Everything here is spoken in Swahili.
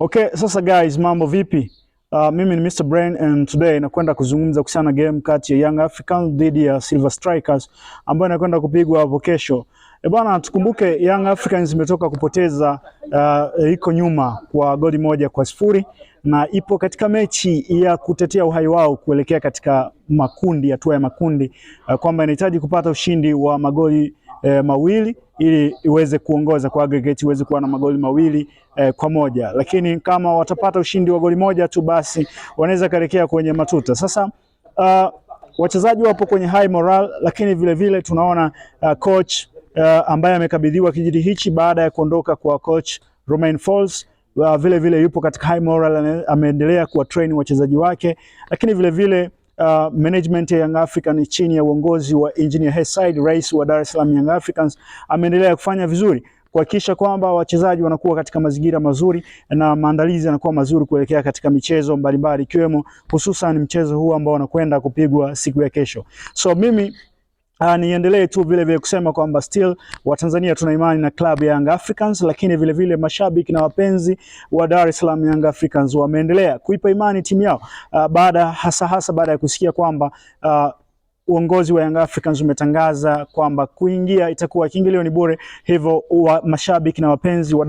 Okay, sasa guys, mambo vipi? Uh, mimi ni Mr Brain and today nakwenda kuzungumza kuhusiana na game kati ya Young Africans dhidi ya Silver Strikers ambayo inakwenda kupigwa hapo kesho. E bwana tukumbuke Young Africans imetoka kupoteza uh, iko nyuma kwa goli moja kwa sifuri na ipo katika mechi ya kutetea uhai wao kuelekea katika makundi, hatua ya makundi uh, kwamba inahitaji kupata ushindi wa magoli e, mawili ili iweze kuongoza kwa aggregate iweze kuwa na magoli mawili e, kwa moja, lakini kama watapata ushindi wa goli moja tu basi wanaweza karekea kwenye matuta. Sasa uh, wachezaji wapo kwenye high morale, lakini vile vile tunaona uh, coach uh, ambaye amekabidhiwa kijiti hichi baada ya kuondoka kwa coach Romain Folz uh, vile vile yupo katika high morale, ameendelea kuwa train wachezaji wake, lakini vile vile uh, management ya Young African chini ya uongozi wa Engineer Hesaid, rais wa Dar es Salaam Young Africans, ameendelea kufanya vizuri kuhakikisha kwamba wachezaji wanakuwa katika mazingira mazuri na maandalizi yanakuwa mazuri kuelekea katika michezo mbalimbali ikiwemo hususan mchezo huu ambao wanakwenda kupigwa siku ya kesho. So mimi Uh, niendelee tu vile vile kusema kwamba still Watanzania tuna imani na klabu ya Young Africans, lakini vile vile mashabiki na wapenzi wa Dar es Salaam Young Africans wameendelea kuipa imani timu yao uh, baada hasa hasa baada ya kusikia kwamba uh, uongozi wa Young Africans umetangaza kwamba kuingia itakuwa kiingilio ni bure, hivyo mashabiki na wapenzi wa